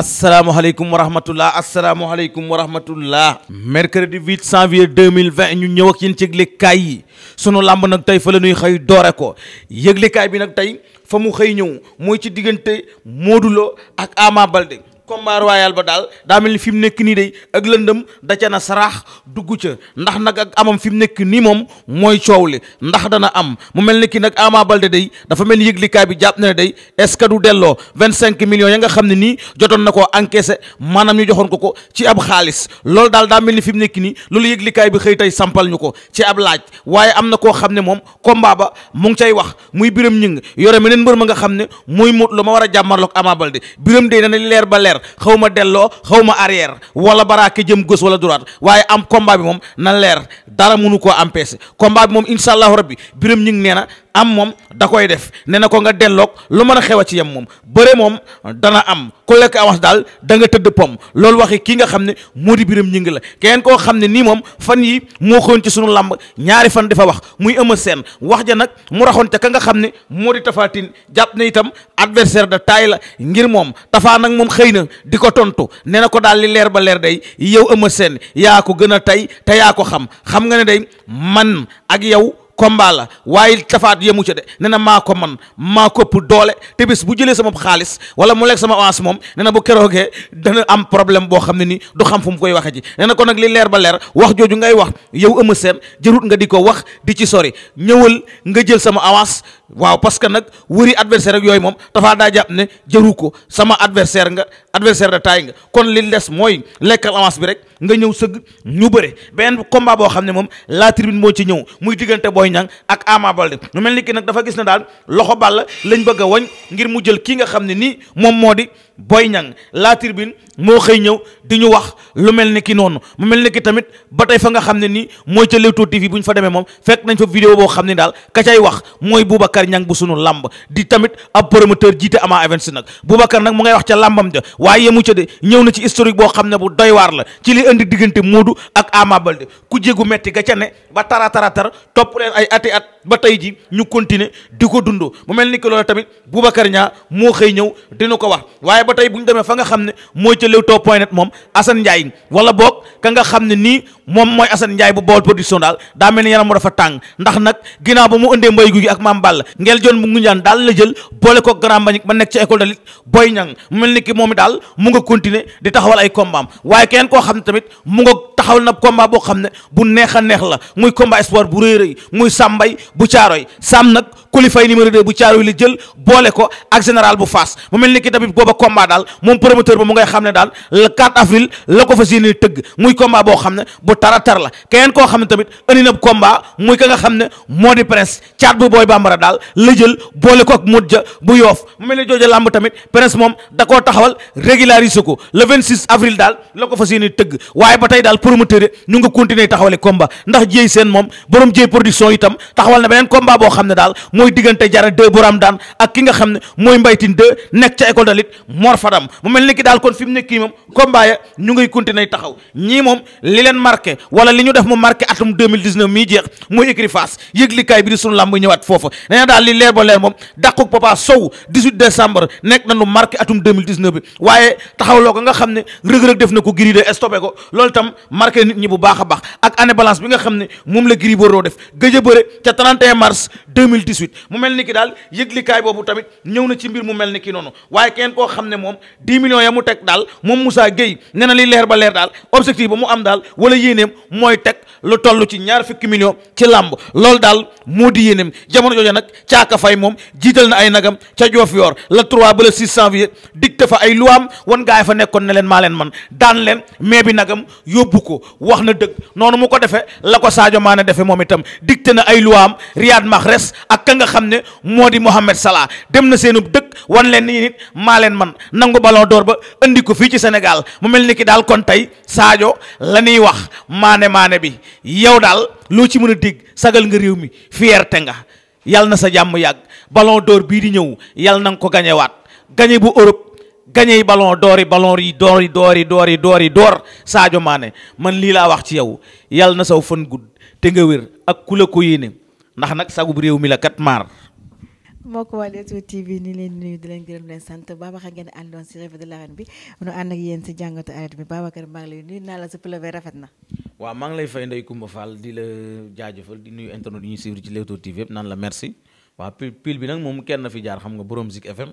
asalaamaaleykum wa rahmatulah asalaamaaleykum wa rahmatulah. mercredi 8 janvier 2020 ñu ñëw ak yéen ci yëglekaay yi sunu làmb nag tey fa la ñuy xëy doore ko yëglekaay bi nag tey fa mu xëy ñëw mooy ci diggante Modou ak Ama Balde. combat royal ba daal daa mel ni fi mu nekk nii day ak lëndëm da ca na saraax dugg ca ndax nag ak amam fi mu nekk nii moom mooy coow li ndax dana am mu mel ni kii nag Ama Baldé day dafa mel ni yëglikaay bi jàpp na ne day est-ce que du delloo vingt cinq millions ya nga xam ne nii jotoon na koo encaissé maanaam ñu joxoon ko ko ci ab xaalis loolu daal daa mel ni fi mu nekk nii loolu yëglikaay bi xëy tey sampal ñu ko ci ab laaj waaye am na koo xam ne moom combat ba mu ngi cay wax muy biram ñing yore meneen mbër ma nga xam ne mooy Modou lu ma war a jàmmarloog Ama Baldé biram day na leer ba leer xaw ma delloo xaw ma arrière wala baraake jëm gauche wala droite waaye am combat bi moom na leer dara mënu koo empêcher combat bi moom incha allahu rabbi biram ñi ngi nee am moom da koy def nee na ko nga delloog lu mën a xew a ci yem moom bëre moom dana am ku lekk avance daal da nga tëdd pom loolu waxi kii nga xam ne moo di biram ñi ngi la keneen koo xam ne nii moom fan yi moo xëwoon ci sunu làmb ñaari fan dafa wax muy ëma seen wax ja nag mu raxoon ca ka nga xam ne moo di tafaatin jàpp na itam adversaire de taay la ngir moom tafaa nag moom xëy na di ko tontu nee na ko daal di leer ba leer day yow ëma seen yaa ko gën a tey te yaa ko xam xam nga ne day man ak yow combat la waaye tafaat yemu ca de ne na maa ko man maa kopp doole te bis bu jëlee sama xaalis wala mu lekk sama avance moom ne na bu keroogee dana am problème boo xam ne nii du xam fu mu koy waxee ji ne na ko nag li leer ba leer wax jooju ngay wax yow Eumeu Sène jërut nga di ko wax di ci sori ñëwal nga jël sama avance waaw parce que nag wëri adversaire ak yooyu moom dafaa daa ne jëru ko sama adversaire nga adversaire de taay nga kon li des mooy lekk avance bi rek nga ñëw sëgg ñu bëre benn combat boo xam ne moom la tribune moo ci ñëw muy diggante booy Niang ak Ama Baldé mu mel ni ki nag dafa gis ne daal loxo Balla lañ bëgg a wañ ngir mu jël kii nga xam ne nii moom moo di booy Niang laa Tribune moo xëy ñëw di ñu wax lu mel ni ki noonu mu mel ni ki tamit ba tey fa nga xam ne nii mooy ca Leewtoo TV bu ñu fa demee moom fekk nañ fa vidéo boo xam ne daal ka cay wax mooy Boubacar Niang bu sunu lamb di tamit ab promoteur jiite Ama Events nag Boubacar nag mu ngay wax ca làmbam ja waaye yemu ca de ñëw na ci historique boo xam ne bu doy waar la ci li indi diggante Modou ak Ama balde ku jégu metti ga ca ne ba tara tara tar topp leen ay ati at ba tey ji ñu continuer di ko dund mu mel ni que loolu tamit Boubacar Niang moo xëy ñëw dina ko wax waaye ba tey bu ñu demee fa nga xam ne mooy ca Leewtoo point net moom Assane Ndiaye wala boog ka nga xam ne nii moom mooy Assane Ndiaye bu Baol production daal daa mel ni yaram mu dafa tàng ndax nag ginnaaw ba mu indee mbay gu gi ak maam la ngel joon mu ngunjaan daal la jël boole ko grand bañik ba nekk ca école de lutte Boy mu mel ni que moom i daal mu nga continuer di taxawal ay combat am waaye keneen koo xam ne tamit mu taxawal na combat boo xam ne bu neex a neex la muy combat espoir bu rëy rëy muy Sam Mbaye bu Caaroy Sam nag kulifay numéro 2 bu caaroy li jël boole ko ak général bu faas mu mel ni ki tamit booba combat daal moom promoteur ba mu ngay xam ne daal le 4 avril la ko fas yéene tëgg muy combat boo xam ne bu tara tar la keneen koo xam ne tamit andi na combat muy ka nga xam ne moo di prince caat bu booy bambara daal la jël boole ko ak mot ja bu yoof mu mel ni jooja làmb tamit prince moom da koo taxawal régulariser ko le 26 avril daal la ko fas yéene tëgg waaye ba tey daal promoteur ñu nga continuer taxawale combat ndax jéey seen moom borom jéey production itam taxawal na beneen combat boo xam ne daal mooy diggante jara deux boram daan ak ki nga xam ne mooy mbaytin deux nekk ca école de lutte mu mel ni ki daal kon fi mu nekk kii moom combat ya ñu ngay continuer taxaw ñii moom li leen marqué wala li ñu def mu marqué atum 2019 mii jeex mooy écrit face yëglikaay bi di sunu làmb ñëwaat foofa nee daal li leer ba leer moom dàquk Papa Sow 18 décembre nekk nañu marqué atum 2019 bi waaye taxawloo ko nga xam ne rëg-rëg a moom la Gris Bordeaux def mu mel ni ki daal yëglikaay boobu tamit ñëw na ci mbir mu mel ni ki noonu waaye kenn koo xam ne moom 10 millions ya mu teg daal moom Moussa Gueye nee na li leer ba leer daal objectif ba mu am daal wala yéeneem mooy teg lu toll ci ñaar fukki millions ci làmb loolu daal moo di yéeneem jamono jooju nag caaka fay moom jiital na ay nagam ca joof yoor trois 3 ba le 6 janvier dicté fa ay luwaam wan gaa yi fa nekkoon ne leen maa leen man daan leen mais bi nagam yóbbu ko wax na dëgg noonu mu ko defee la ko Sadio Mané defee moom itam dicté na ay luwaam Riyad Mahrez nga xam ne moo di Mohamed Salah dem na seenub dëkk wan leen ni nit maa leen man nangu ballon door ba indi ko fii ci senegal mu mel ni ki daal kon tey saajo la ñuy wax maane maane bi yow daal loo ci mën a dégg sagal nga réew mi fierté nga yal na sa jàmm yàgg ballon door bii di ñëw yal nang ko gañewaat gañe bu Europe gañe yi ballon d'or yi ballon yi d'or yi d'or yi door yi d'or yi d'or man lii laa wax ci yow yal na saw fan gudd te nga wér ak ku la ko ndax nag sagu sagub réew mi la kat maar. moo ko waa Leewtoo TV ni leen nuyu di leen gërëm leen sant Babacar ngeen àndoon si revue de l'arène bi nu ànd ak yéen si jàngatu arène bi Babacar maa ngi lay nuyu naa la sa rafet na. waaw maa ngi lay fay Ndeye Coumba di la jaajëfal di nuyu internet yi ñuy suivre ci Leewtoo TV yëpp naan la merci waaw pile pile bi nag moom kenn jaar xam nga boroom Zik FM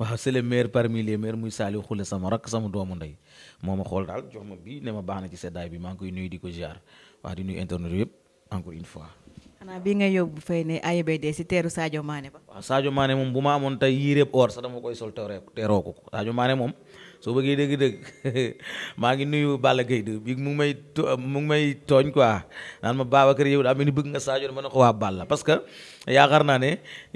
waaw c'est le meilleur parmi les muy Saliou Khoule sama rakk sama doomu ndey moo ma xool daal jox ma bii ne ma baax na ci seddaay bi maa ngi koy nuyu di ko jaar wax di nuyu internet yëpp encore une fois. xanaa bii ngay yóbbu fay ne AIBD si teeru Sadio Mané ba. waaw Sadio Mané moom bu ma amoon tey yéeréb or sax dama koy sol teeroo ko Sadio maane moom soo bëggee dëgg-dëgg maa ngi nuyu Balla Gaye bi mu may mu may tooñ quoi naan ma Babacar yow daa mel ni bëgg nga Sadio ma ko waa Balla parce que yaakaar naa ne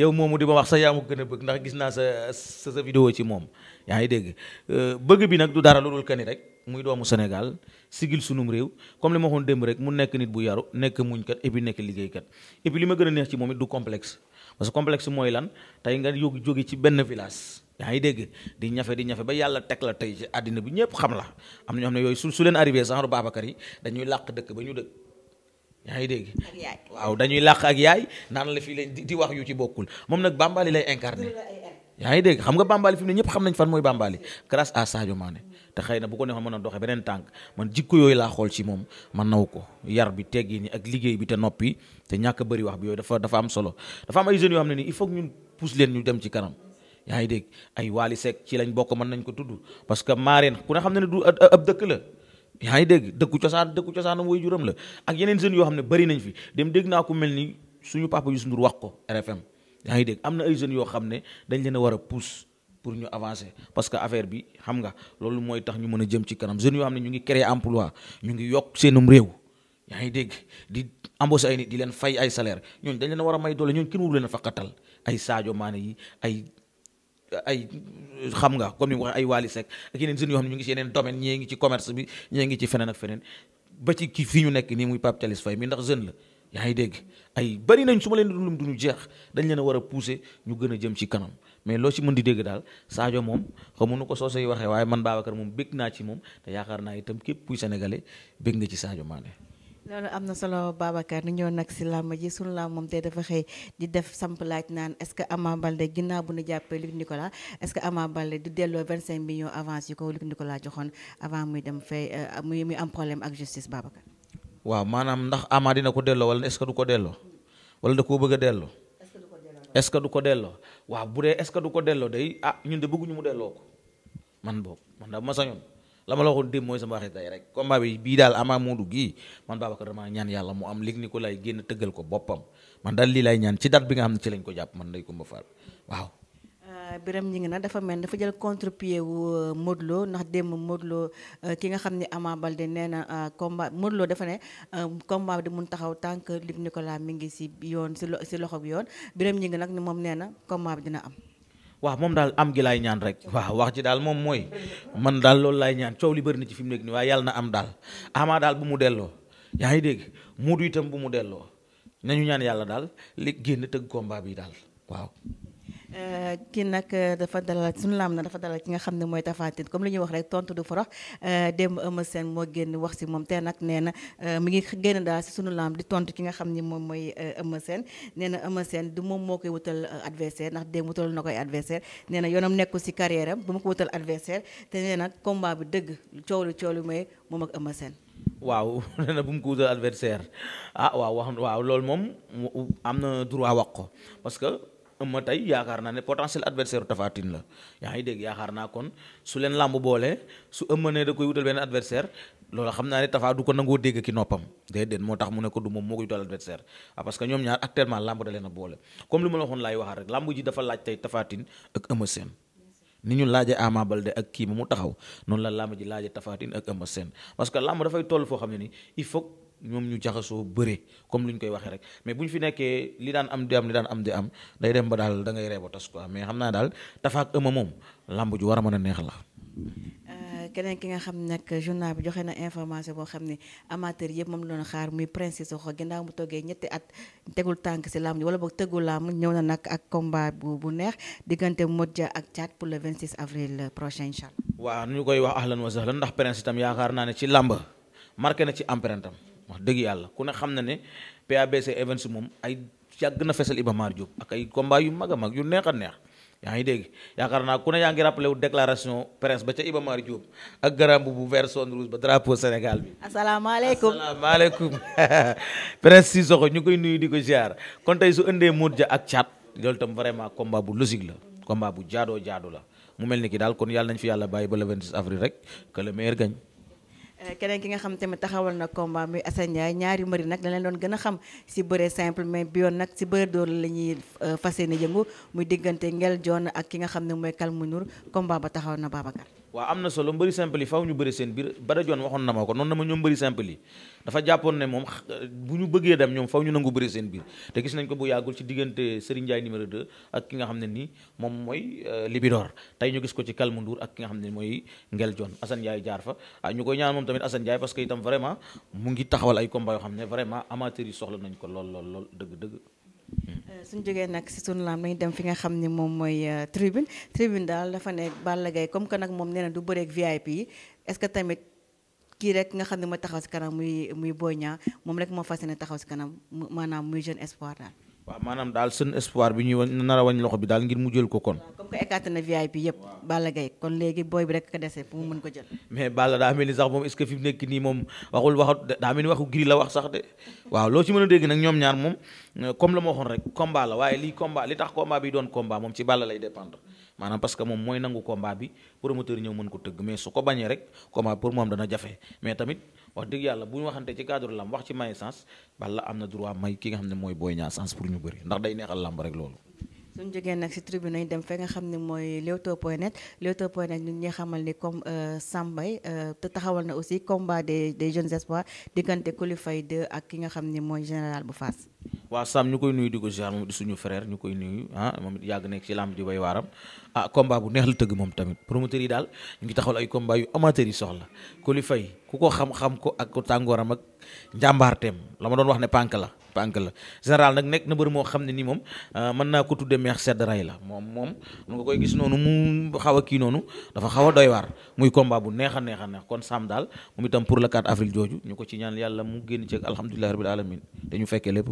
yow moomu di ma wax sa yaa ma gën a bëgg ndax gis naa sa sa sa ci moom. yaa ngi dégg euh, bëgg bi nag du dara lu dul kani rek muy doomu Sénégal sigil sunum réew comme li ma waxoon démb rek mu nekk nit bu yaru nekk muñkat kat puis nekk liggéey kat puis li ma gën a neex ci moom it du complexe parce que complexe mooy lan tey nga yóg jóge ci benn village yaa ngi dégg di ñafe di ñafe ba yàlla teg la tey ci àddina bi ñëpp xam la am na ñoo xam ne yooyu su su leen arrivé genre Babacar yi dañuy làq dëkk ba ñu dëkk yaa ngi dégg waaw dañuy làq ak yaay naan la fii lañ di wax yu ci bokkul moom nag Bàmbaali lay incarné yaa ngi dégg xam nga Bambaly fi mu ne ñëpp xam nañ fan mooy Bambaly grâce à Sadio Mané te xëy na bu ko neexoon mën a doxee beneen tànk man jikko yooyu laa xool ci moom man naw ko yar bi teggi ni ak liggéey bi te noppi te ñàkk bëri wax bi yooyu dafa dafa am solo dafa am ay jeunes yoo xam ne ni il faut ñun pousse leen ñu dem ci kanam yaa ngi dégg ay Waly Seck ci bokk mën nañ ko tudd parce que Marien ku ne xam ne ne du ab dëkk la yaa ngi dégg dëkku cosaan dëkku cosaanam way juram la ak yeneen jeunes yoo xam ne bëri nañ fi dem dégg naa ku mel ni suñu papa Youssou Ndour wax ko RFM yaa ngi dégg am na ay jeunes yoo xam ne dañ leen a war a pousse pour ñu avancer parce que affaire bi xam nga loolu mooy tax ñu mën a jëm ci kanam jeunes yoo xam ne ñu ngi créer emploi ñu ngi yokk seenum réew yaa ngi dégg di embaucher ay di leen fay ay salaire ñooñu dañ leen war a may doole ñooñu kenn waru leen a faqatal ay Sadio Mané yi ay ay xam nga comme ni mu waxee ay Waly ak yeneen jeunes yoo xam ne ñu ngi ci yeneen domaine ñee ngi ci commerce bi ñee ngi ci feneen ak feneen ba ci kii fii ñu nekk nii muy pap Thialis Faye mi ndax jeune la yaa ngi dégg ay bari nañ su ma leen dundum du ñu jeex dañ leen a war a pousser ñu gën a jëm ci kanam mais loo ci mën di dégg daal Sadio moom xamu nu ko soo yi waxee waaye man Babacar moom bég naa ci moom te yaakaar naa itam képp kuy sénégalais bég nga ci Sadio Mané. loolu am na solo Babacar ni ñëw nag si làmb ji sunu làmb moom te dafa xëy di def samp laaj naan est-ce que Ama Baldé ginnaaw bu ñu jàppee Luc Nicolas est-ce que Ama Baldé du delloo 25 millions avance yu ko muy dem fay euh, muy muy am problème ak justice Babacar. waaw maanaam ndax amaa dina ko delloo wala est-ce que du ko delloo wala da koo bëgg a delloo. est-ce que du ko delloo waaw bu dee est-ce que du ko delloo day ah ñun de bëgguñu mu delloo ko man boobu man daal ma sañoon la ma la waxoon démb mooy sama waxi tey rek combat bi bii daal Ama Modou gii man ko damaa ñaan yàlla mu am léegi ni ko lay génn tëggal ko boppam man daal lii lay ñaan ci date bi nga xam ne ci lañ ko jàpp man day ko mba faal waaw. Birame ñi ngi nag dafa mel dafa jël contre-pied wu euh, Modou ndax démb Modou Lo euh, ki nga xam ne Ama Baldé nee na euh, combat Modou Lo dafa ne combat di mun taxaw tant que Luc Nicolas mi ngi si yoon si si loxo bi yoon Birame ñi ngi nag ni moom nee na combat bi dina am. waaw moom daal am gi laay ñaan rek waa wax ji daal moom mooy man daal loolu laay ñaan coow li bëri na ci fi mu nekk nii waaye yàlla na am daal Ama daal bu mu delloo yaa ngi dégg Modou itam bu mu delloo nañu ñaan yàlla daal li génn tëgg combat bi daal Euh, kii nag euh, dafa dalal suñu laam na dafa dalal ki nga xam ne mooy Tapha Tine comme li ñuy wax rek tontu du forox euh, démb Eumeu Sène moo génn wax si moom te nag nee na mi ngi génn daal si suñu laam di tontu ki nga xam ni moom mooy Eumeu Sène nee na Eumeu Sène du moom moo koy wutal adversaire ndax démb wutal na koy adversaire nee na yoonam nekkul si carrière am bu ma ko wutal adversaire te nee na combat bi dëgg coow lu coow lu mooy moom ak Eumeu seen waaw nee na bu mu ko wutal adversaire ah waaw wax waaw loolu moom am na droit wax ko parce ëmma tey yaakaar naa ne potentiel adversaire Tapha Tine la yaa ngi dégg yaakaar naa kon su leen làmb boole su ëmma ne da koy wutal benn adversaire loolu xam naa ne Tapha ko nangoo dégg ki noppam déedéet moo tax mu ne ko du moom moo koy wutal adversaire ah, parce que ñoom ñaar actuellement làmb da leen a boole comme li ma la waxoon laay waxaat rek làmb ji dafa laaj tey ak Eumeu Sène ni ñu laaje Ama Baldé ak kii ba mu taxaw noonu la làmb ji laaje ñoom ñu jaxasoo bëre comme lu ñu koy waxee rek mais bu ñu fi nekkee li daan am di am li daan am di am day dem ba daal da ngay reeba tas quoi mais xam naa daal Tapha ak Eumeu moom làmb ju war a mën a neex la. Euh, keneen ki nga xam ne nag journal bi joxe na information boo xam ne amateur yëpp moom la xaar muy princesse Sokho ginnaaw mu toggee ñetti at tegul tànk si làmb ji wala boog tëggul làmb ñëw na nag ak combat bu bu neex diggante Modja ak Thiat pour le 26 avril prochain incha allah. waaw nu ñu koy wax ahlan wa sahlan ndax prince itam yaakaar naa ne ci làmb marqué na ci empreinte am wax dëgg yàlla ku ne xam na ne PABC Events moom ay yàgg na fesal Iba Mar Diop ak ay combat yu mag a mag yu neex a neex yaa ngi dégg yaakaar naa ku ne yaa ngi rappelé wu déclaration presse ba ca Iba Mar Diop ak garam bu vert son rouge ba drapeau Sénégal bi. asalaamaaleykum asalaamaaleykum presse si soxo ñu koy nuyu di ko ziar kon tey su indee ëndee Modja ak Thiat loolu itam vraiment combat bu logique la combat bu jaadoo jaadu la mu mel ni ki daal kon yàlla nañ fi yàlla bàyyi ba le 26 avril rek que Euh, keneen ki nga xam tamit taxawal na combat muy Assane Ndiaye ñaari mbëri nag dañ leen doon gën a xam si bëre simple mais bi yoon nag si bëre door la ñuy euh, fas yéene yëngu muy diggante Ngel jon ak ki nga xam ne mooy Kalmu Nour combat ba taxaw na Babacar. waaw am na solo mbëri simple yi faw ñu bëri seen biir ba dajoon waxoon na ma ko noonu na ma ñoom mbëri simple yi dafa jàppoon ne moom bu ñu bëggee dem ñoom faw ñu nangu bëri seen biir te gis nañ ko bu yàggul ci diggante Serigne Ndiaye numéro 2 ak ki nga xam ne nii moom mooy euh, Libidor tey ñu gis ko ci Kalmu Ndour ak ki nga xam ne mooy Ngel John Assane Ndiaye jaar fa ah ñu koy ñaan moom tamit Assane Ndiaye parce que itam vraiment mu ngi taxawal ay combat yoo xam ne vraiment amateurs yi soxla nañ ko lool lool lool dëgg dëgg Euh, suñ jógee nag si sunu laam nañ dem fi nga xam ni moom mooy euh, tribune tribune daal dafa ne Balla Gaye comme que nag moom nee du bëreeg VIP yi est-ce que tamit kii rek nga xam ne ma taxaw si kanam muy muy Boy Niang moom rek moo fas yéene taxaw si kanam maanaam muy jeune espoir daal. waaw maanaam daal seen espoir bi ñuy nar a wañ loxo bi daal ngir mu jël ko kon. comme que VIP yëpp. Balla Gaye kon léegi booy bi rek ka dese pour mu mën ko jël. mais Balla daa mel ni sax moom est que fi nekk nii moom waxul waxut daa mel ni waxu giri la wax sax de waaw loo ci mën a dégg nag ñoom ñaar moom comme la ma waxoon rek combat la waaye lii combat li tax combat bi doon combat moom ci Balla lay dépendre maanaam parce moom mooy nangu combat bi wax dëgg yàlla bu ñu waxante ci cadre lamb wax ci may sens Balla am na droit may ki nga xam ne mooy Boy Niang sens pour ñu bëri ndax day neexal lamb rek loolu suñ jegee nag si tribune yi dem fe nga xam ne mooy Leewtoo point net Leewtoo point net ñu ngi xamal ni comme euh, Sambay euh, te taxawal na aussi combat des des jeunes espoirs diggante Kulifay 2 ak ki nga xam ne mooy général bu fas waa Sam ñu koy nuyu di ko ziar moom di suñu frère ñu koy nuyu ah moom yàgg nekk ci lamb di bay waaram ah combat bu neex la tëgg moom tamit promoteur yi daal ñu ngi taxawal ay combat yu amateurs yi soxla Kulifay ku ko xam-xam ko ak ko tàngooram ak njàmbaarteem la ma doon wax ne pànk la. pànk la général nag nekk na mbër moo xam ne ni moom euh, mën naa ko tudde meex sedd ray la moom moom nu nga koy gis noonu mu xaw a kii noonu dafa xaw a doy waar muy combat bu neex a neex kon Sam daal moom itam pour le 4 avril jooju ñu ko ci ñaan yàlla mu génn ci alhamdulillahi rabbil alamin dañu fekkee lépp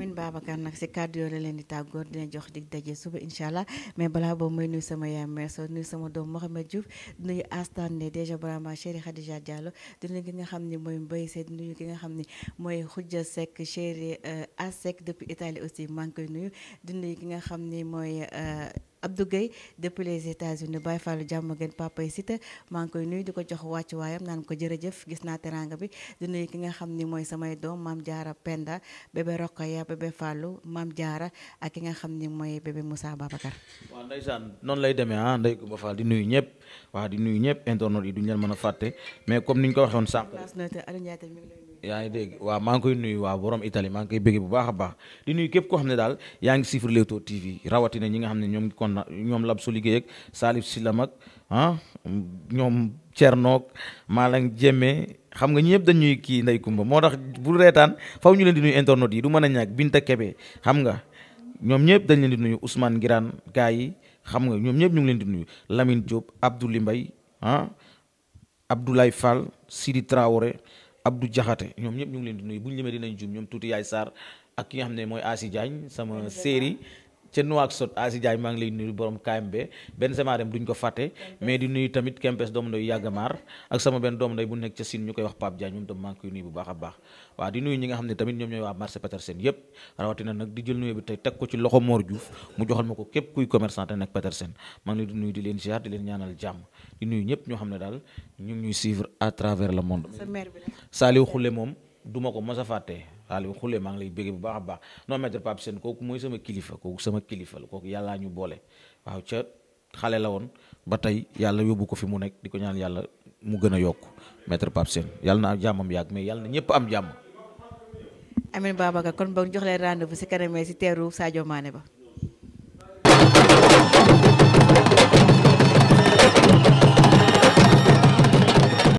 Lamine Babacar nag si kàddu la leen di tàggoor dina jox dig daje suba incha allah mais balaa boobu may nuyu sama yaay Merso nuyu sama doom Mohamed Diouf nuyu Astane déjà Brahma chéri Khadija Diallo di ki nga xam ne mooy Mbaye Seyd nuyu ki nga xam ne mooy Khoudia Seck chéri euh, Asek depuis Italie aussi maa koy nuyu di ki nga xam ne mooy. Euh, Abdou Gueye depuis les États-Unis Baye Fallou jàmm gën papa yi maa ngi koy nuyu di ko jox wàccu waayam naan ko jërëjëf gis naa teranga bi di nuyu ki nga xam ni mooy samay doom maam jaara Penda bébé Rokhaya bébé Fallou maam jaara ak ki nga xam ni mooy bébé Moussa Babacar. waaw ndeysaan noonu lay demee ah Ndeye Coumba Fall di nuyu ñëpp waaw di nuyu ñëpp internautes yi duñu leen mën a fàtte mais comme ni ñu ko waxoon sànq. yaa ngi dégg waaw maa ngi koy nuyu waa borom Italie maa ngi koy bëggee bu baax a baax di nuyu képp ko xam ne daal yaa ngi siifar Leewtoo TV rawatina ñi nga xam ne ñoom kon ñoom lab su liggéey ak Salif Silam ak ah ñoom Thierno Malang Jemme xam nga ñëpp dañuy kii Ndey Kumba moo tax bu reetaan faw ñu leen di nuyu internet yi du mën a ñàkk Binta Kebe xam nga ñoom ñëpp dañ leen di nuyu Ousmane Ngiraan gars yi xam nga ñoom ñëpp ñu ngi leen di nuyu Lamine Diop Abdoulaye Mbaye ah Abdoulaye Fall Sidi Traoré Abdou jaxate ñoom ñëpp ñu ngi leen di nuyu bu ñu limee dinañ juum ñoom tuuti Yaay Sarr ak ki nga xam ne mooy Asi Diagne sama série ca Nouakchott Asi Diagne maa ngi lay nuyu borom KMB benn sama dem duñ ko fàtte mais di nuyu tamit Kempes doomu ndeyu Yàggamaar ak sama benn doomu ndey bu nekk ca Sine ñu koy wax Pape Diagne ñoom tam maa ngi koy nuyu bu baax a ne tamit ñoom ñooy waa marché Petersen yépp rawatina nag di jël tey teg ko ci loxo Mor Diouf mu ko képp kuy commerçant te nekk Petersen maa di leen ziar di leen ñaanal jàmm di nuyu ñëpp ñoo xam ne daal ñu ngi ñuy suivre à le monde Saliou Khoule moom duma ko ma a fàtte xaal bi xullee maa ngi lay bëgg bu baax a baax non maître Pape Sène kooku mooy sama kilifa kooku sama kilifa la kooku yàllaa ñu boole waaw ca xale la woon ba tey yàlla yóbbu ko fi mu nekk di ko ñaan yàlla mu gën a yokk maître Pape Sène yàlla na jàmmam yàgg mais yàlla na ñëpp am jàmm. Amin Babacar kon ba jox leen rendez-vous si kanam si teeru Sadio Mané ba.